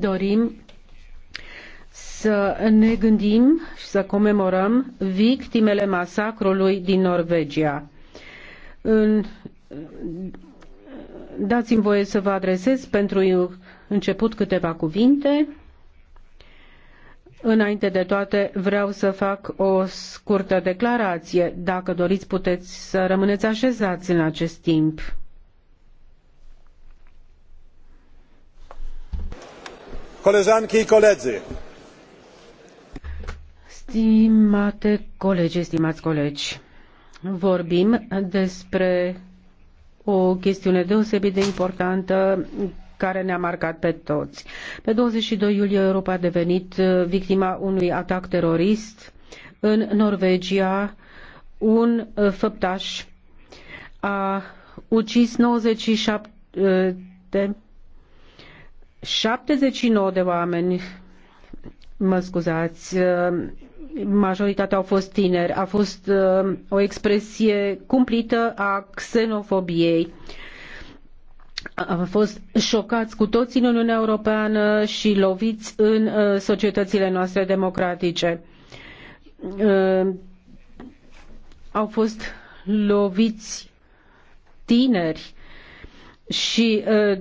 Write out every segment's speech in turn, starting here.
dorim să ne gândim și să comemorăm victimele masacrului din Norvegia. În... Dați-mi voie să vă adresez pentru început câteva cuvinte. Înainte de toate, vreau să fac o scurtă declarație. Dacă doriți, puteți să rămâneți așezați în acest timp. Koleżanki i koledzy. Stimate colegi, stimați colegi, vorbim despre o chestiune deosebit de importantă care ne-a marcat pe toți. Pe 22 iulie Europa a devenit victima unui atac terorist în Norvegia. Un făptaș a ucis 97 de 79 de oameni, mă scuzați, uh, majoritatea au fost tineri, a fost uh, o expresie cumplită a xenofobiei. Am fost șocați cu toții în Uniunea Europeană și loviți în uh, societățile noastre democratice. Au fost loviți tineri și ă,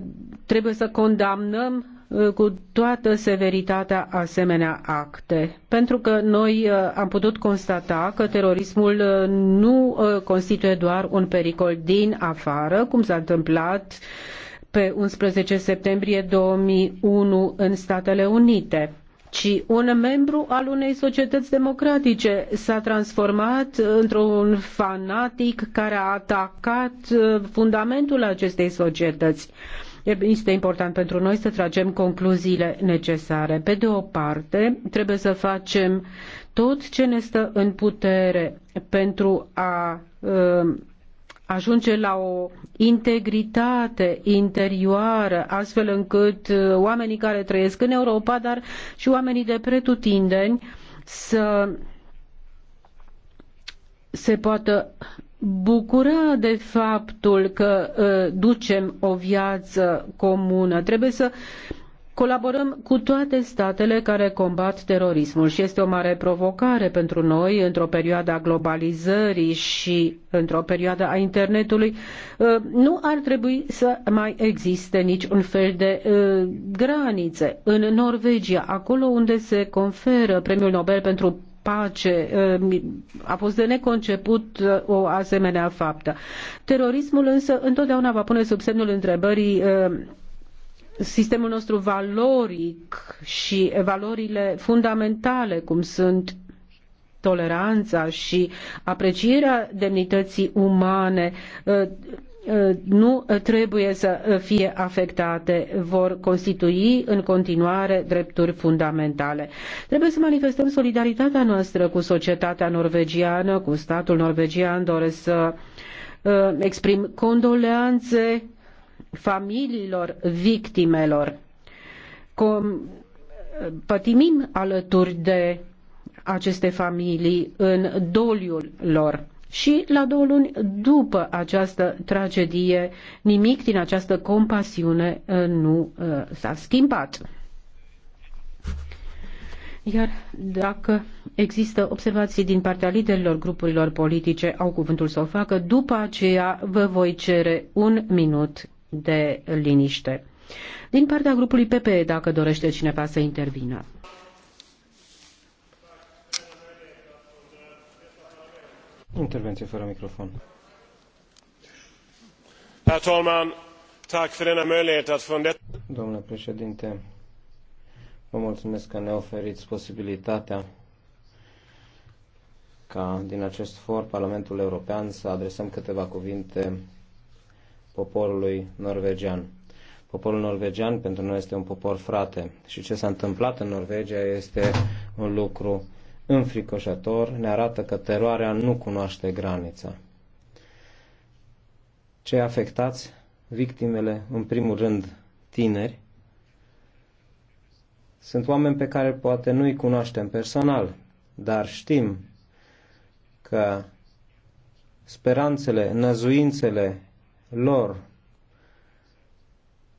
trebuie să condamnăm ă, cu toată severitatea asemenea acte. Pentru că noi ă, am putut constata că terorismul nu constituie doar un pericol din afară, cum s-a întâmplat pe 11 septembrie 2001 în Statele Unite ci un membru al unei societăți democratice s-a transformat uh, într-un fanatic care a atacat uh, fundamentul acestei societăți. Este important pentru noi să tragem concluziile necesare. Pe de o parte, trebuie să facem tot ce ne stă în putere pentru a uh, ajunge la o integritate interioară, astfel încât uh, oamenii care trăiesc în Europa, dar și oamenii de pretutindeni să se poată bucura de faptul că uh, ducem o viață comună. Trebuie să Colaborăm cu toate statele care combat terorismul și este o mare provocare pentru noi într-o perioadă a globalizării și într-o perioadă a internetului. Uh, nu ar trebui să mai existe niciun fel de uh, granițe. În Norvegia, acolo unde se conferă premiul Nobel pentru pace. Uh, a fost de neconceput o asemenea faptă. Terorismul însă întotdeauna va pune sub semnul întrebării sistemul nostru valoric și valorile fundamentale, cum sunt toleranța și aprecierea demnității umane, ă, ă, nu trebuie să fie afectate, vor constitui în continuare drepturi fundamentale. Trebuie să manifestăm solidaritatea noastră cu societatea norvegiană, cu statul norvegian, doresc să ă, exprim condoleanțe familiilor victimelor. Com, pătimim alături de aceste familii în doliul lor. Și la două luni după această tragedie, nimic din această compasiune uh, nu uh, s-a schimbat. Iar dacă există observații din partea liderilor grupurilor politice, au cuvântul să o facă. După aceea vă voi cere un minut de liniște. Din partea grupului PPE, dacă dorește cineva să intervină. Intervenție fără microfon. Herr Domnule președinte, vă mulțumesc că ne oferiți posibilitatea ca din acest for Parlamentul European să adresăm câteva cuvinte poporului norvegian. Poporul norvegian pentru noi este un popor frate și ce s-a întâmplat în Norvegia este un lucru înfricoșător, ne arată că teroarea nu cunoaște granița. Cei afectați, victimele, în primul rând tineri, sunt oameni pe care poate nu-i cunoaștem personal, dar știm că speranțele, năzuințele lor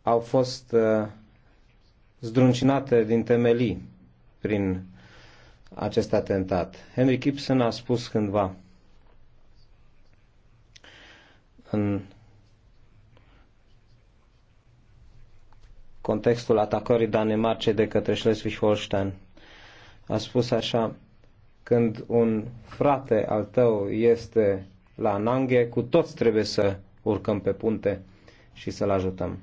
au fost uh, zdruncinate din temelii prin acest atentat. Henry Gibson a spus cândva în contextul atacării Danemarce de către Schleswig-Holstein. A spus așa, când un frate al tău este la Nange, cu toți trebuie să urcăm pe punte și să-l ajutăm.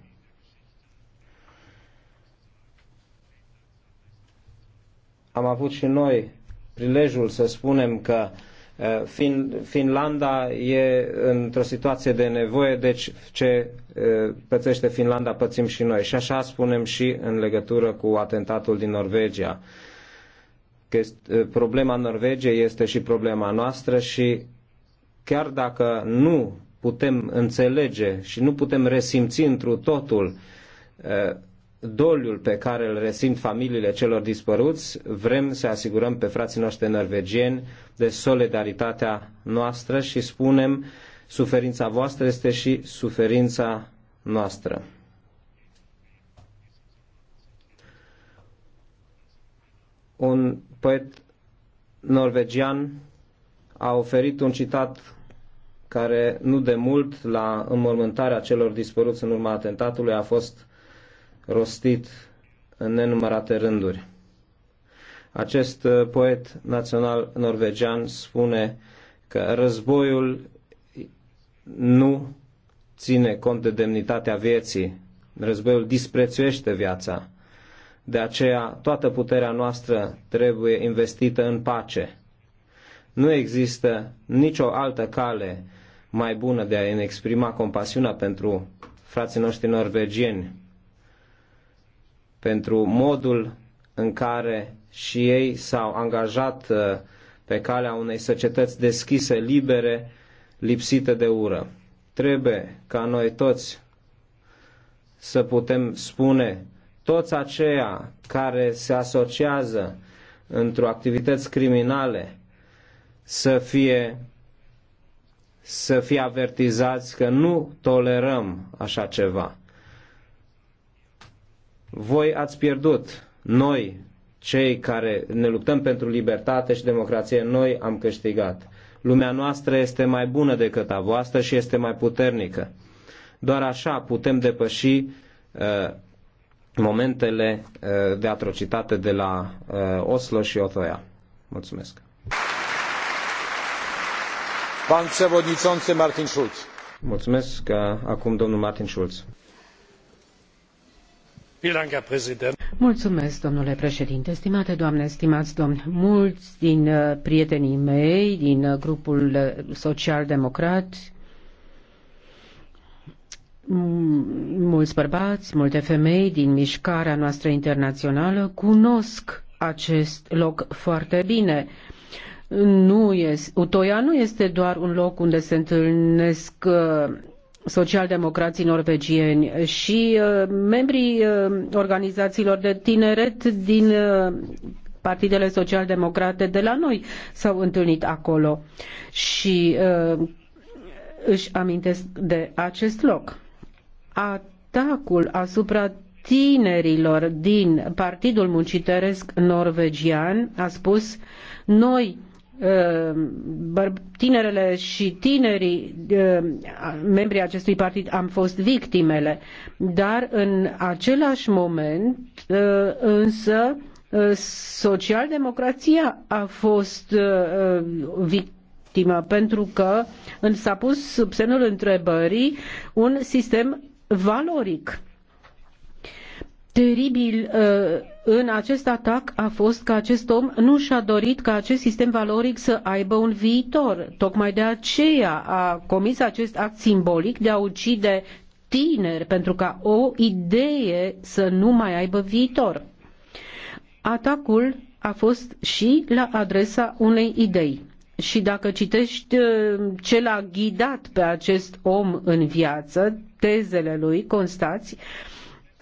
Am avut și noi prilejul să spunem că eh, fin, Finlanda e într-o situație de nevoie, deci ce eh, pățește Finlanda pățim și noi. Și așa spunem și în legătură cu atentatul din Norvegia. Că eh, problema Norvegiei este și problema noastră și chiar dacă nu putem înțelege și nu putem resimți întru totul uh, doliul pe care îl resimt familiile celor dispăruți, vrem să asigurăm pe frații noștri norvegieni de solidaritatea noastră și spunem suferința voastră este și suferința noastră. Un poet norvegian a oferit un citat care nu de mult la înmormântarea celor dispăruți în urma atentatului a fost rostit în nenumărate rânduri. Acest uh, poet național norvegian spune că războiul nu ține cont de demnitatea vieții, războiul disprețuiește viața. De aceea, toată puterea noastră trebuie investită în pace. Nu există nicio altă cale mai bună de a ne exprima compasiunea pentru frații noștri norvegieni, pentru modul în care și ei s-au angajat uh, pe calea unei societăți deschise, libere, lipsite de ură. Trebuie ca noi toți să putem spune toți aceia care se asociază într-o activități criminale să fie să fie avertizați că nu tolerăm așa ceva. Voi ați pierdut. Noi, cei care ne luptăm pentru libertate și democrație, noi am câștigat. Lumea noastră este mai bună decât a voastră și este mai puternică. Doar așa putem depăși uh, momentele uh, de atrocitate de la uh, Oslo și Otoia. Mulțumesc! Pan przewodniczący Martin Schulz. Mulțumesc. Acum domnul Martin Schulz. Mulțumesc, domnule președinte, stimate doamne, stimați domni. Mulți din uh, prietenii mei, din uh, grupul uh, social-democrat, mulți bărbați, multe femei din mișcarea noastră internațională cunosc acest loc foarte bine nu este, Utoia nu este doar un loc unde se întâlnesc uh, socialdemocrații norvegieni și uh, membrii uh, organizațiilor de tineret din partidele socialdemocrate de la noi s-au întâlnit acolo și își amintesc de acest loc. Atacul asupra tinerilor din Partidul Munciteresc Norvegian a spus noi Uh, tinerele și tinerii uh, membrii acestui partid am fost victimele, dar în același moment uh, însă socialdemocrația a fost victimă pentru că s-a pus sub semnul întrebării un sistem valoric. Teribil în acest atac a fost că acest om nu și-a dorit ca acest sistem valoric să aibă un viitor. Tocmai de aceea a comis acest act simbolic de a ucide tineri pentru ca o idee să nu mai aibă viitor. Atacul a fost și la adresa unei idei. Și dacă citești uh, ce l-a ghidat pe acest om în viață, tezele lui, constați, uh,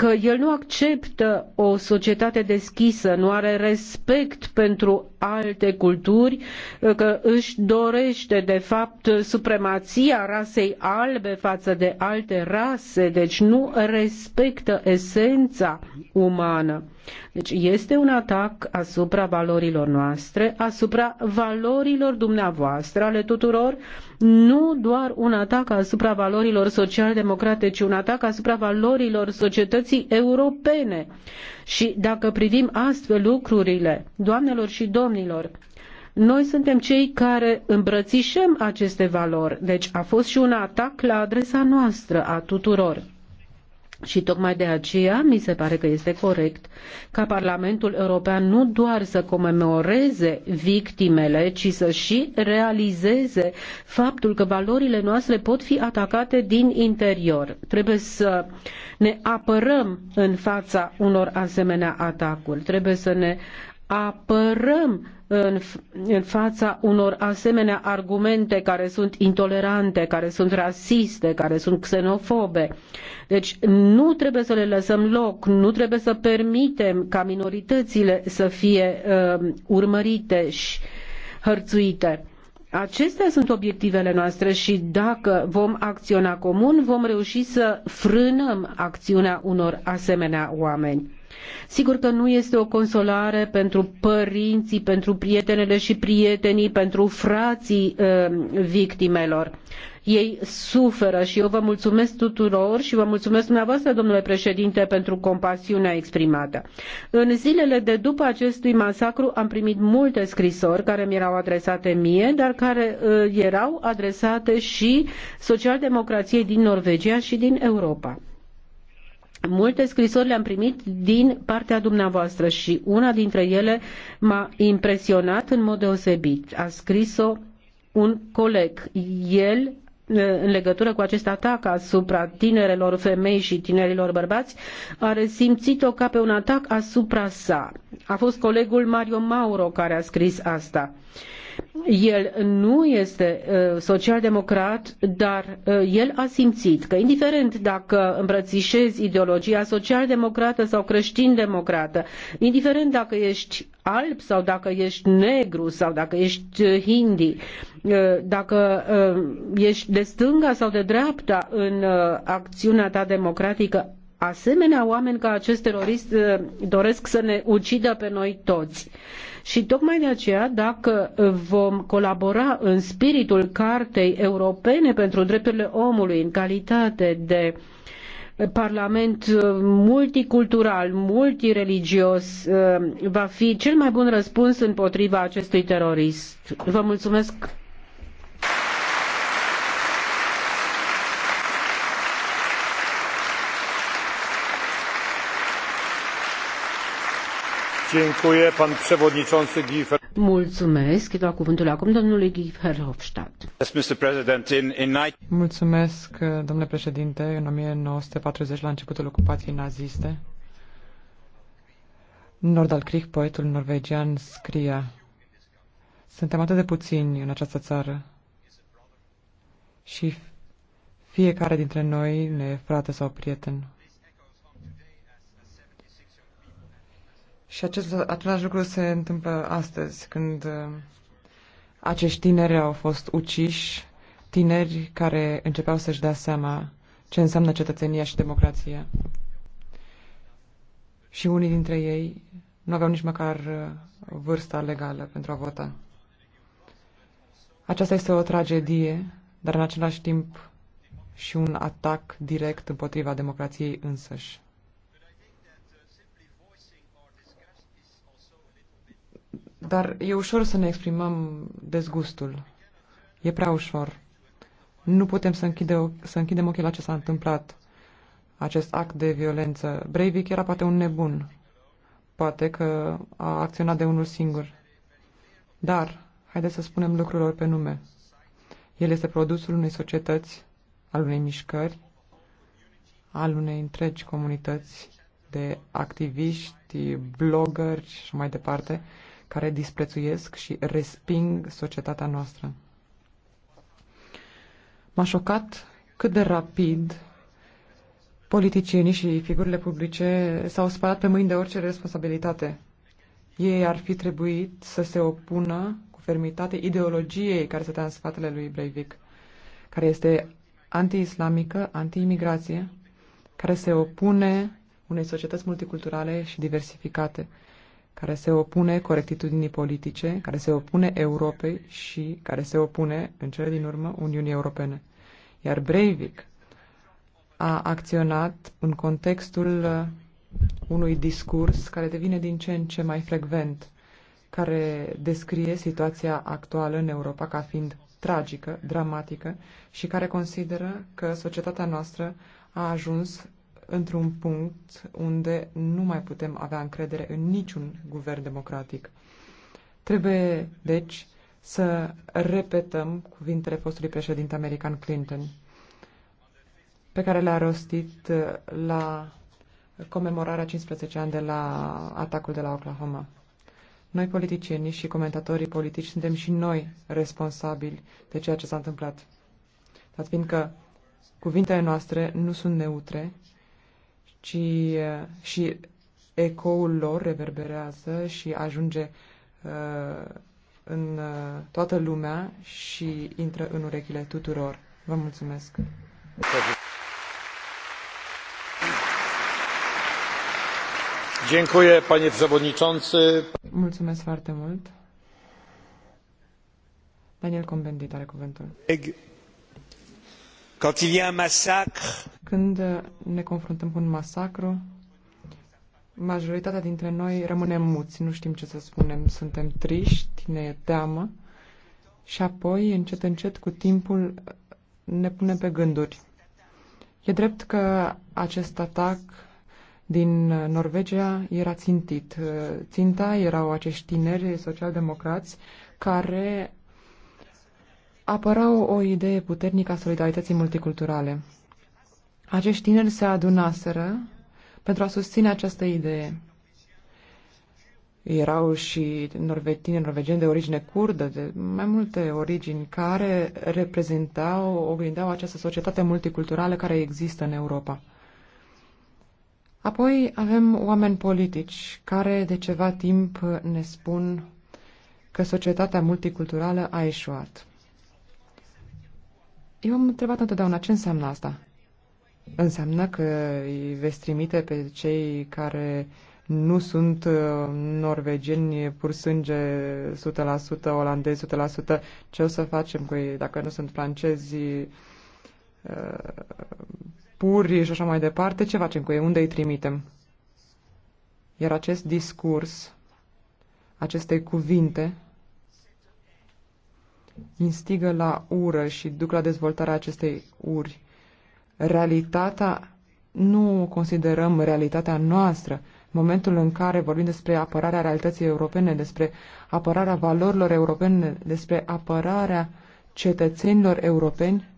că el nu acceptă o societate deschisă, nu are respect pentru alte culturi, uh, că își dorește de fapt supremația rasei albe față de alte rase, deci nu respectă esența umană. Deci este un atac asupra valorilor noastre, asupra valorilor dumneavoastră, ale tuturor, nu doar un atac asupra valorilor social-democrate, ci un atac asupra valorilor societății europene. Și dacă privim astfel lucrurile, doamnelor și domnilor, noi suntem cei care îmbrățișăm aceste valori, deci a fost și un atac la adresa noastră a tuturor. Și tocmai de aceea mi se pare că este corect ca Parlamentul European nu doar să comemoreze victimele, ci să și realizeze faptul că valorile noastre pot fi atacate din interior. Trebuie să ne apărăm în fața unor asemenea atacuri. Trebuie să ne apărăm în, în fața unor asemenea argumente care sunt intolerante, care sunt rasiste, care sunt xenofobe. Deci nu trebuie să le lăsăm loc, nu trebuie să permitem ca minoritățile să fie uh, urmărite și hărțuite. Acestea sunt obiectivele noastre și dacă vom acționa comun, vom reuși să frânăm acțiunea unor asemenea oameni. Sigur că nu este o consolare pentru părinții, pentru prietenele și prietenii, pentru frații uh, victimelor. Ei suferă și eu vă mulțumesc tuturor și vă mulțumesc dumneavoastră, domnule președinte, pentru compasiunea exprimată. În zilele de după acestui masacru am primit multe scrisori care mi erau adresate mie, dar care uh, erau adresate și socialdemocrației din Norvegia și din Europa. Multe scrisori le-am primit din partea dumneavoastră și una dintre ele m-a impresionat în mod deosebit. A scris-o un coleg. El în legătură cu acest atac asupra tinerelor femei și tinerilor bărbați, a resimțit-o ca pe un atac asupra sa. A fost colegul Mario Mauro care a scris asta. Uh, el nu este uh, social-democrat, dar uh, el a simțit că, indiferent dacă îmbrățișezi ideologia social-democrată sau creștin-democrată, indiferent dacă ești alb sau dacă ești negru sau dacă ești uh, hindi, dacă ești de stânga sau de dreapta în acțiunea ta democratică, asemenea oameni ca acest terorist uh, doresc să ne ucidă pe noi toți. Și tocmai de aceea, dacă vom colabora în spiritul Cartei Europene pentru Drepturile Omului în calitate de parlament uh, multicultural, multireligios, uh, va fi cel mai bun răspuns împotriva acestui terorist. Vă mulțumesc Mulțumesc. Dau cuvântul acum domnului Guy Verhofstadt. Mulțumesc, domnule președinte. În 1940, la începutul ocupației naziste, Nordal Krieg, poetul norvegian, scria Suntem atât de puțini în această țară și fiecare dintre noi ne e frate sau prieten. Și acest, același lucru se întâmplă astăzi, când uh, acești tineri au fost uciși, tineri care începeau să-și dea seama ce înseamnă cetățenia și democrația. Și unii dintre ei nu aveau nici măcar uh, vârsta legală pentru a vota. Aceasta este o tragedie, dar în același timp și un atac direct împotriva democrației însăși. Dar e ușor să ne exprimăm dezgustul. E prea ușor. Nu putem să, închide, să închidem ochii la ce s-a întâmplat. Acest act de violență. Breivik era poate un nebun. Poate că a acționat de unul singur. Dar, haideți să spunem lucrurilor pe nume. El este produsul unei societăți, al unei mișcări, al unei întregi comunități de activiști, blogări și mai departe, care disprețuiesc și resping societatea noastră. M-a șocat cât de rapid politicienii și figurile publice s-au spălat pe mâini de orice responsabilitate. Ei ar fi trebuit să se opună cu fermitate ideologiei care stătea în spatele lui Breivik, care este anti-islamică, anti-imigrație, care se opune unei societăți multiculturale și diversificate care se opune corectitudinii politice, care se opune Europei și care se opune, în cele din urmă, Uniunii Europene. Iar Breivik a acționat în contextul uh, unui discurs care devine din ce în ce mai frecvent, care descrie situația actuală în Europa ca fiind tragică, dramatică și care consideră că societatea noastră a ajuns într-un punct unde nu mai putem avea încredere în niciun guvern democratic. Trebuie, deci, să repetăm cuvintele fostului președinte american Clinton, pe care le-a rostit uh, la comemorarea 15 ani de la atacul de la Oklahoma. Noi, politicienii și comentatorii politici, suntem și noi responsabili de ceea ce s-a întâmplat. Dar fiindcă cuvintele noastre nu sunt neutre ci eh, și ecoul lor reverberează și ajunge uh, în uh, toată lumea și intră în urechile tuturor. Vă mulțumesc! Dziękuję, panie przewodniczący. Mulțumesc foarte mult. Daniel Combendit are cuvântul. Când ne confruntăm cu un masacru, majoritatea dintre noi rămânem muți, nu știm ce să spunem, suntem triști, ne e teamă și apoi, încet, încet, cu timpul, ne punem pe gânduri. E drept că acest atac din Norvegia era țintit. Ținta erau acești tineri democrați care apăra o, o idee puternică a solidarității multiculturale. Acești tineri se adunaseră pentru a susține această idee. Erau și norve, tineri norvegeni de origine curdă, de mai multe origini, care reprezentau, oglindeau această societate multiculturală care există în Europa. Apoi avem oameni politici care de ceva timp ne spun că societatea multiculturală a eșuat. Eu am întrebat întotdeauna ce înseamnă asta. Înseamnă că îi veți trimite pe cei care nu sunt uh, norvegieni, pur sânge 100%, olandezi 100%, ce o să facem cu ei dacă nu sunt francezi uh, puri și așa mai departe, ce facem cu ei, unde îi trimitem? Iar acest discurs, aceste cuvinte, instigă la ură și duc la dezvoltarea acestei uri. Realitatea nu considerăm realitatea noastră. În momentul în care vorbim despre apărarea realității europene, despre apărarea valorilor europene, despre apărarea cetățenilor europeni,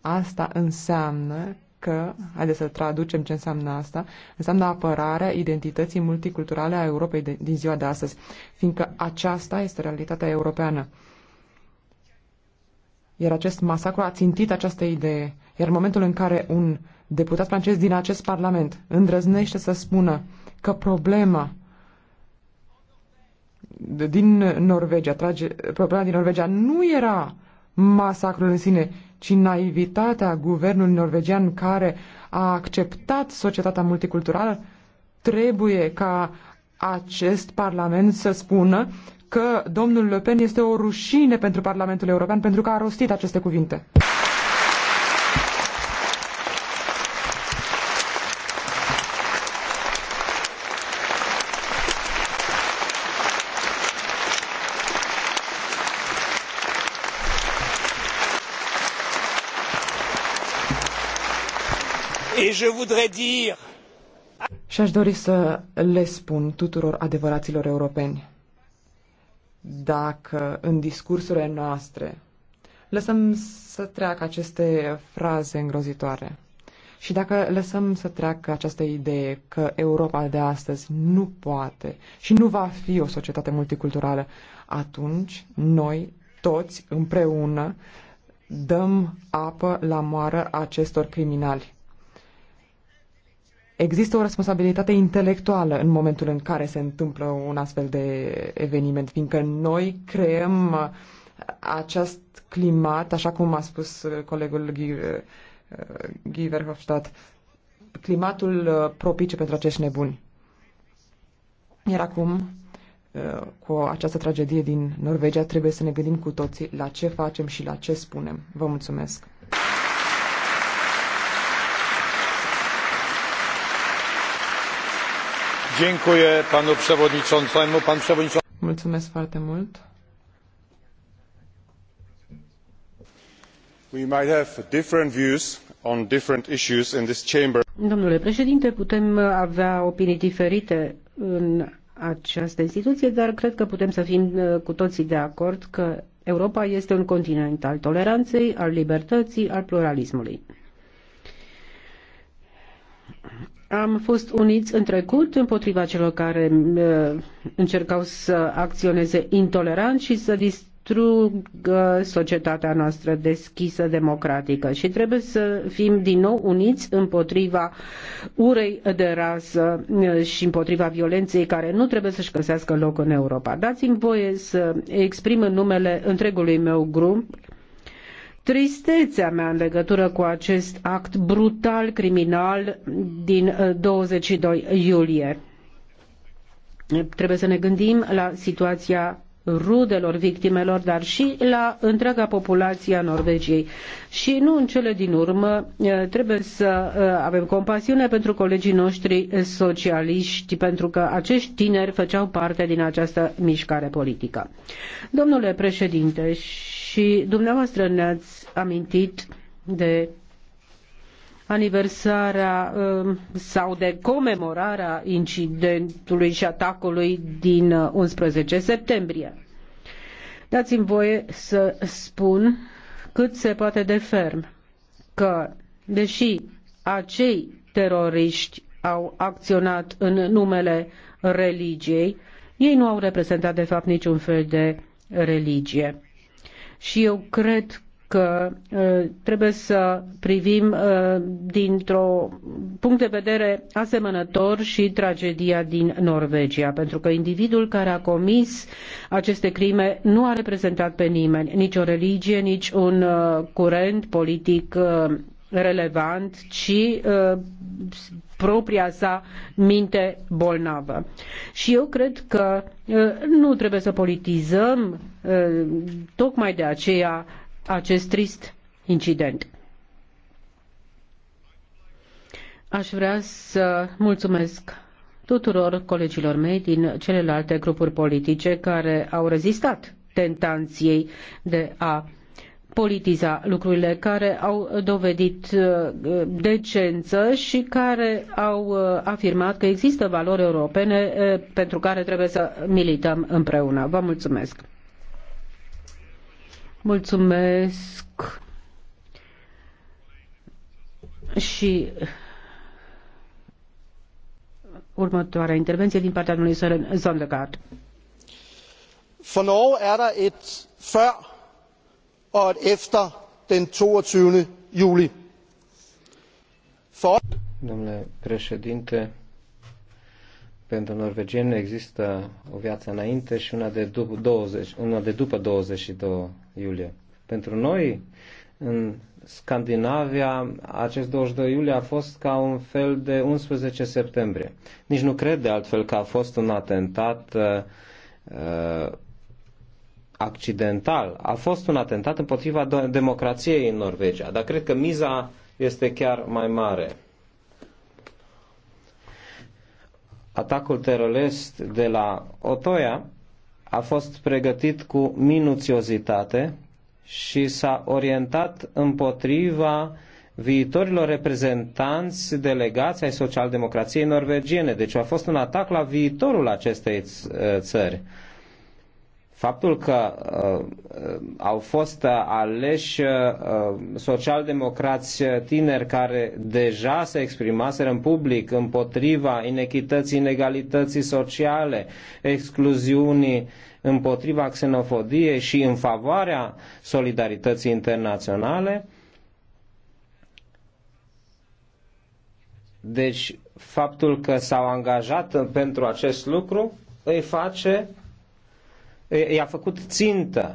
asta înseamnă că, haideți să traducem ce înseamnă asta, înseamnă apărarea identității multiculturale a Europei de, din ziua de astăzi, fiindcă aceasta este realitatea europeană. Iar acest masacru a țintit această idee. Iar în momentul în care un deputat francez din acest parlament îndrăznește să spună că problema din Norvegia, trage, problema din Norvegia nu era masacrul în sine, ci naivitatea guvernului norvegian care a acceptat societatea multiculturală, trebuie ca acest parlament să spună că domnul Le Pen este o rușine pentru Parlamentul European pentru că a rostit aceste cuvinte. Și aș dori să le spun tuturor adevăraților europeni dacă în discursurile noastre lăsăm să treacă aceste fraze îngrozitoare și dacă lăsăm să treacă această idee că Europa de astăzi nu poate și nu va fi o societate multiculturală, atunci noi toți împreună dăm apă la moară acestor criminali. Există o responsabilitate intelectuală în momentul în care se întâmplă un astfel de eveniment, fiindcă noi creăm acest climat, așa cum a spus colegul Guy, Verhofstadt, climatul uh, propice pentru acești nebuni. Iar acum, uh, cu această tragedie din Norvegia, trebuie să ne gândim cu toții la ce facem și la ce spunem. Vă mulțumesc! Dziękuję panu przewodniczącemu. Pan przewodniczący. Mulțumesc foarte mult. We might have different views on different issues in this chamber. Domnule președinte, putem avea opinii diferite în această instituție, dar cred că putem să fim uh, cu toții de acord că Europa este un continent al toleranței, al libertății, al pluralismului. Am fost uniți în trecut împotriva celor care uh, încercau să acționeze intolerant și să distrugă societatea noastră deschisă, democratică. Și trebuie să fim din nou uniți împotriva urei de rasă uh, și împotriva violenței care nu trebuie să-și găsească loc în Europa. Dați-mi voie să exprim în numele întregului meu grup tristețea mea în legătură cu acest act brutal criminal din 22 uh, iulie. Trebuie să ne gândim la situația rudelor victimelor, dar și la întreaga populație a Norvegiei. Și nu în cele din urmă, uh, trebuie să uh, avem compasiune pentru colegii noștri socialiști, pentru că acești tineri făceau parte din această mișcare politică. Domnule președinte, și dumneavoastră ne-ați amintit de aniversarea um, sau de comemorarea incidentului și atacului din 11 uh, septembrie. Dați-mi voie să spun cât se poate de ferm că, deși acei teroriști au acționat în numele religiei, ei nu au reprezentat de fapt niciun fel de religie și eu cred că uh, trebuie să privim uh, dintr-o punct de vedere asemănător și tragedia din Norvegia, pentru că individul care a comis aceste crime nu a reprezentat pe nimeni, nici o religie, nici un uh, curent politic relevant, ci propria sa minte bolnavă. Și eu cred că uh, nu trebuie să politizăm uh, tocmai de aceea acest trist incident. Aș vrea să mulțumesc tuturor colegilor mei din celelalte grupuri politice care au rezistat tentanției de a politiza lucrurile, care au dovedit uh, decență și care au uh, afirmat că există valori europene uh, pentru care trebuie să milităm împreună. Vă mulțumesc! Mulțumesc și următoarea intervenție din partea domnului Søren Zondegard. For Norge er der et før og et efter den toogtyvende juli Domnule președinte, pentru norvegieni există o viață înainte și una de, după 20, una de după 22 iulie. Pentru noi, în Scandinavia, acest 22 iulie a fost ca un fel de 11 septembrie. Nici nu cred de altfel că a fost un atentat uh, uh accidental. A fost un atentat împotriva democrației în Norvegia, dar cred că miza este chiar mai mare. Atacul terorist de la Otoia a fost pregătit cu minuțiozitate și s-a orientat împotriva viitorilor reprezentanți delegați ai socialdemocrației norvegiene. Deci a fost un atac la viitorul acestei țări. Ț- Faptul că uh, au fost uh, aleși uh, socialdemocrați uh, tineri care deja se exprimaseră în public împotriva inechității, inegalității sociale, excluziunii, împotriva xenofobiei și în favoarea solidarității internaționale, Deci, faptul că s-au angajat pentru acest lucru îi face i-a făcut țintă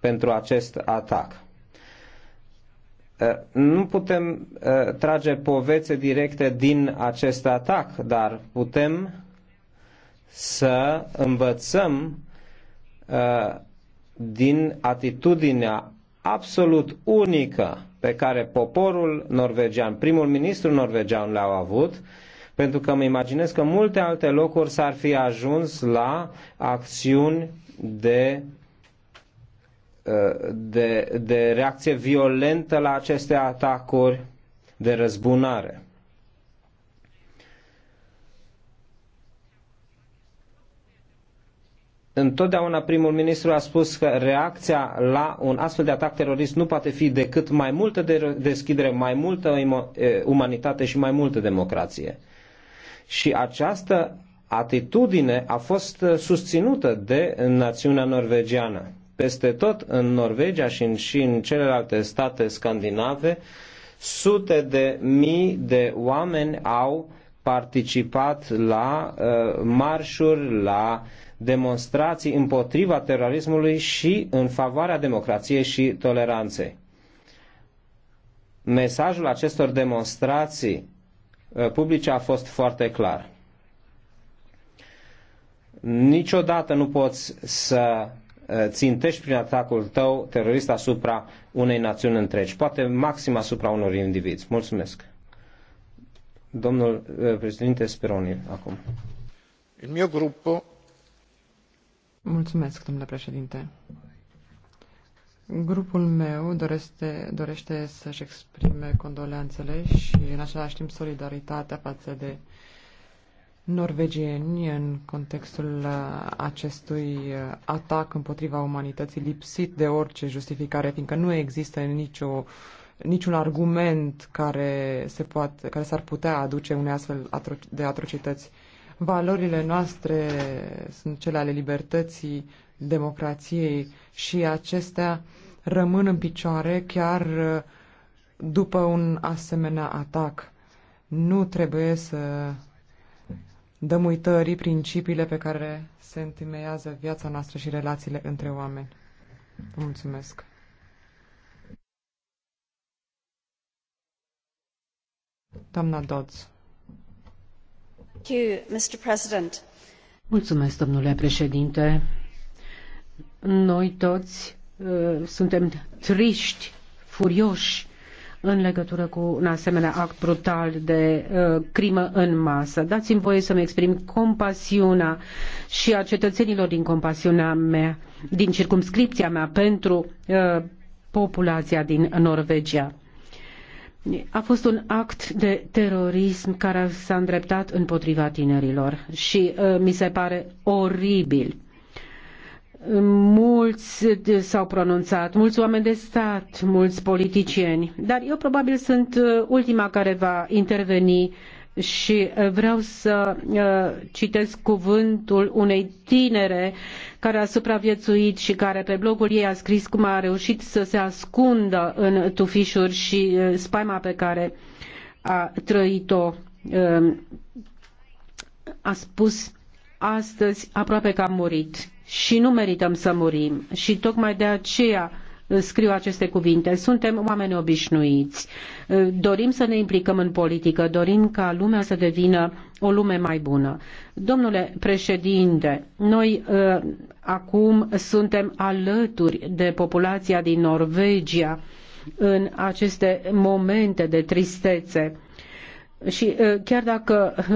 pentru acest atac. Nu putem trage povețe directe din acest atac, dar putem să învățăm din atitudinea absolut unică pe care poporul norvegian, primul ministru norvegian le-au avut, pentru că îmi imaginez că multe alte locuri s-ar fi ajuns la acțiuni de, uh, de, de reacție violentă la aceste atacuri, de răzbunare. Întotdeauna primul ministru a spus că reacția la un astfel de atac terorist nu poate fi decât mai multă deschidere, mai multă umanitate și mai multă democrație. Și această atitudine a fost uh, susținută de națiunea norvegiană. Peste tot în Norvegia și în, și în celelalte state scandinave, sute de mii de oameni au participat la uh, marșuri, la demonstrații împotriva terorismului și în favoarea democrației și toleranței. Mesajul acestor demonstrații uh, publice a fost foarte clar niciodată nu poți să uh, țintești prin atacul tău terorist asupra unei națiuni întregi, poate maxim asupra unor indivizi. Mulțumesc. Domnul uh, președinte Speroni, acum. Il mio gruppo. Mulțumesc, domnule președinte. Grupul meu dorește, dorește să-și exprime condoleanțele și în același timp solidaritatea față de uh, norvegieni în contextul uh, acestui uh, atac împotriva umanității lipsit de orice justificare, fiindcă nu există nicio, niciun argument care, se poate, care s-ar putea aduce unei astfel de atrocități. Valorile noastre sunt cele ale libertății, democrației și acestea rămân în picioare chiar uh, după un asemenea atac. Nu trebuie să dăm uitării principiile pe care se întemeiază viața noastră și relațiile între oameni. Vă mulțumesc! Doamna Dodds. Mulțumesc, domnule președinte. Noi toți uh, suntem triști, furioși în legătură cu un asemenea act brutal de uh, crimă în masă. Dați-mi voie să-mi exprim compasiunea și a cetățenilor din compasiunea mea, din circumscripția mea pentru uh, populația din Norvegia. A fost un act de terorism care s-a îndreptat împotriva tinerilor și uh, mi se pare oribil mulți s-au pronunțat, mulți oameni de stat, mulți politicieni, dar eu probabil sunt uh, ultima care va interveni și uh, vreau să uh, citesc cuvântul unei tinere care a supraviețuit și care pe blogul ei a scris cum a reușit să se ascundă în tufișuri și spaima pe care a trăit-o. A spus, astăzi aproape că a murit și nu merităm să murim. Și tocmai de aceea uh, scriu aceste cuvinte. Suntem oameni obișnuiți. Uh, dorim să ne implicăm în politică, dorim ca lumea să devină o lume mai bună. Domnule președinte, noi uh, acum suntem alături de populația din Norvegia în aceste momente de tristețe și uh, chiar dacă uh,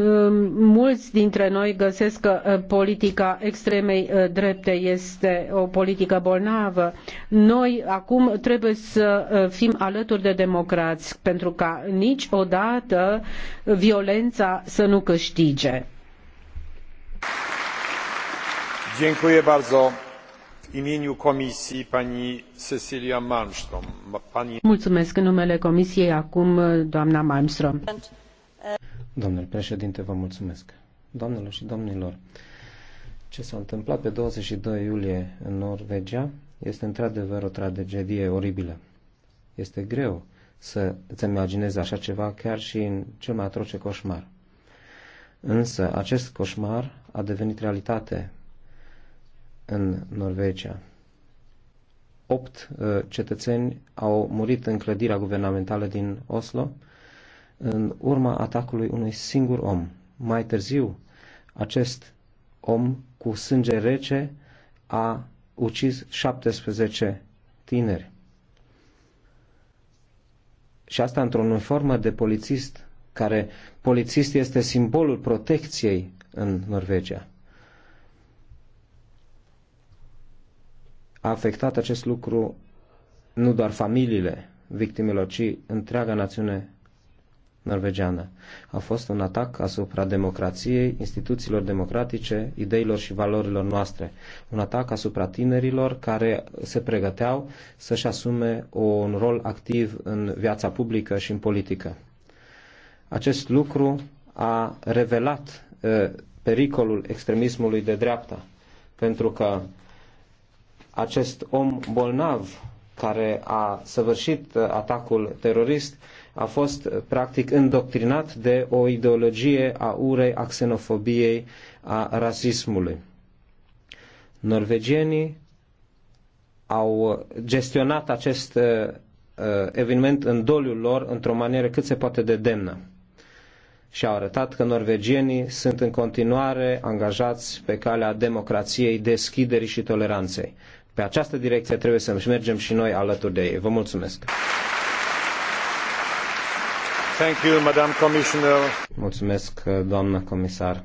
mulți dintre noi găsesc că uh, politica extremei drepte este o politică bolnavă, noi acum trebuie să fim alături de democrați pentru ca niciodată violența să nu câștige. Dziękuję bardzo. W imieniu komisji pani Cecilia Malmström. Pani... Mulțumesc în numele comisiei acum doamna Malmström. Domnule președinte, vă mulțumesc. Doamnelor și domnilor, ce s-a întâmplat pe 22 iulie în Norvegia este într-adevăr o tragedie oribilă. Este greu să îți imaginezi așa ceva chiar și în cel mai atroce coșmar. Însă acest coșmar a devenit realitate în Norvegia. Opt uh, cetățeni au murit în clădirea guvernamentală din Oslo, în urma atacului unui singur om. Mai târziu, acest om cu sânge rece a ucis 17 tineri. Și asta într-o uniformă de polițist, care polițist este simbolul protecției în Norvegia. A afectat acest lucru nu doar familiile victimelor, ci întreaga națiune norvegiană. A fost un atac asupra democrației, instituțiilor democratice, ideilor și valorilor noastre. Un atac asupra tinerilor care se pregăteau să-și asume un rol activ în viața publică și în politică. Acest lucru a revelat uh, pericolul extremismului de dreapta, pentru că acest om bolnav care a săvârșit atacul terorist a fost eh, practic îndoctrinat de o ideologie a urei, a xenofobiei, a rasismului. Norvegienii au eh, gestionat acest eh, eveniment în doliul lor într-o manieră cât se poate de demnă și au arătat că norvegienii sunt în continuare angajați pe calea democrației, deschiderii și toleranței. Pe această direcție trebuie să mergem și noi alături de ei. Vă mulțumesc! Thank you, Madam Commissioner. Mulțumesc, doamnă comisar.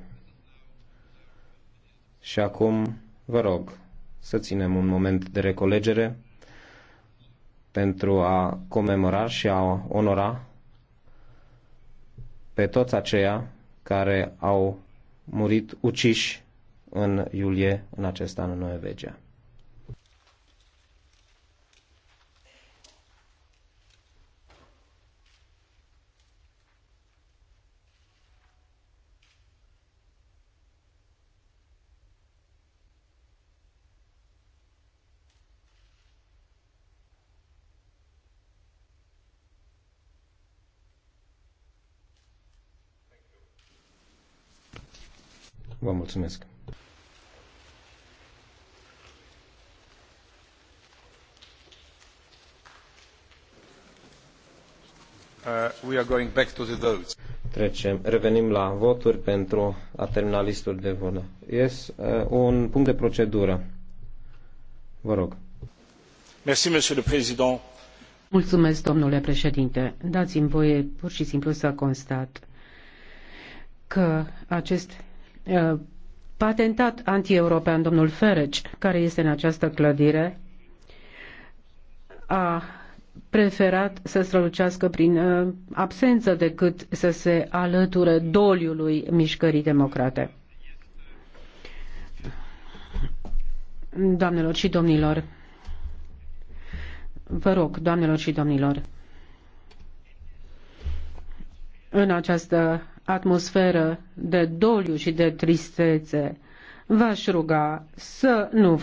Și acum, vă rog, să ținem un moment de recolegere pentru a comemora și a onora pe toți aceia care au murit uciși în iulie în acest an în Norvegia. Vă mulțumesc! Uh, we are going back to the votes. Trecem, revenim la voturi pentru a termina listul de vot. Este uh, un punct de procedură. Vă rog. Merci, monsieur le président. Mulțumesc, domnule președinte. Dați-mi voie pur și simplu să constat că acest Uh, patentat anti-european, domnul Fereci, care este în această clădire, a preferat să strălucească prin uh, absență decât să se alăture doliului mișcării democrate. Doamnelor și domnilor, vă rog, doamnelor și domnilor, în această atmosferă de doliu și de tristețe, v-aș ruga să nu